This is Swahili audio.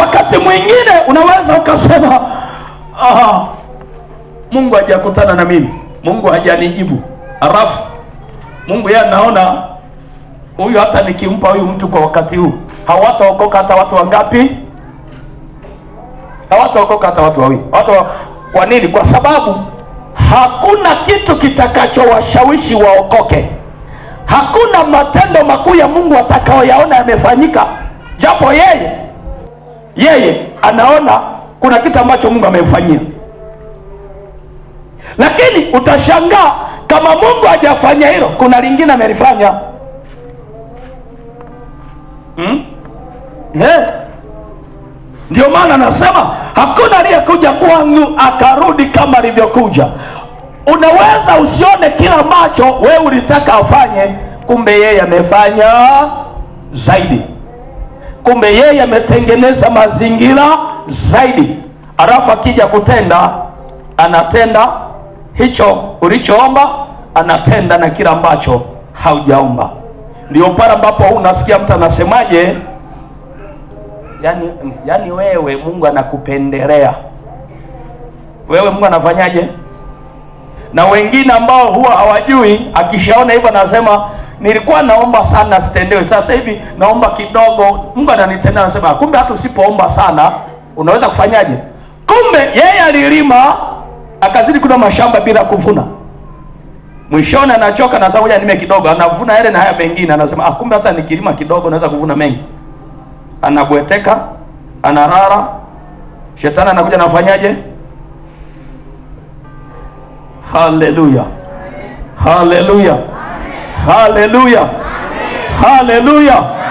Wakati mwingine unaweza ukasema ah, Mungu hajakutana na mimi, Mungu hajanijibu. Alafu Mungu yeye anaona huyu, hata nikimpa huyu mtu kwa wakati huu hawataokoka hata watu wangapi? Hawataokoka hata watu wawili. Watu kwa nini? Kwa sababu hakuna kitu kitakachowashawishi waokoke. Hakuna matendo makuu ya Mungu atakayoyaona yamefanyika, japo yeye yeye anaona kuna kitu ambacho Mungu amemfanyia, lakini utashangaa kama Mungu hajafanya hilo, kuna lingine amelifanya hmm? yeah. Ndio maana anasema hakuna aliyekuja kwangu akarudi kama alivyokuja. Unaweza usione kila ambacho wewe ulitaka afanye, kumbe yeye amefanya zaidi kumbe yeye ametengeneza mazingira zaidi, alafu akija kutenda anatenda hicho ulichoomba, anatenda na kile ambacho haujaomba. Ndio pale ambapo unasikia mtu anasemaje, yani, yani wewe Mungu anakupendelea wewe, Mungu anafanyaje na wengine ambao huwa hawajui, akishaona hivyo anasema nilikuwa naomba sana sitendewe, sasa hivi naomba kidogo, Mungu ananitendea. Anasema kumbe hata usipoomba sana unaweza kufanyaje? Kumbe yeye alilima akazidi kuna mashamba bila kuvuna, mwishoni anachoka, na sababu nime kidogo, anavuna yale na haya mengine, anasema ah, kumbe hata nikilima kidogo naweza kuvuna mengi. Anabweteka, anarara, shetani anakuja, anafanyaje? Haleluya, haleluya, haleluya, haleluya.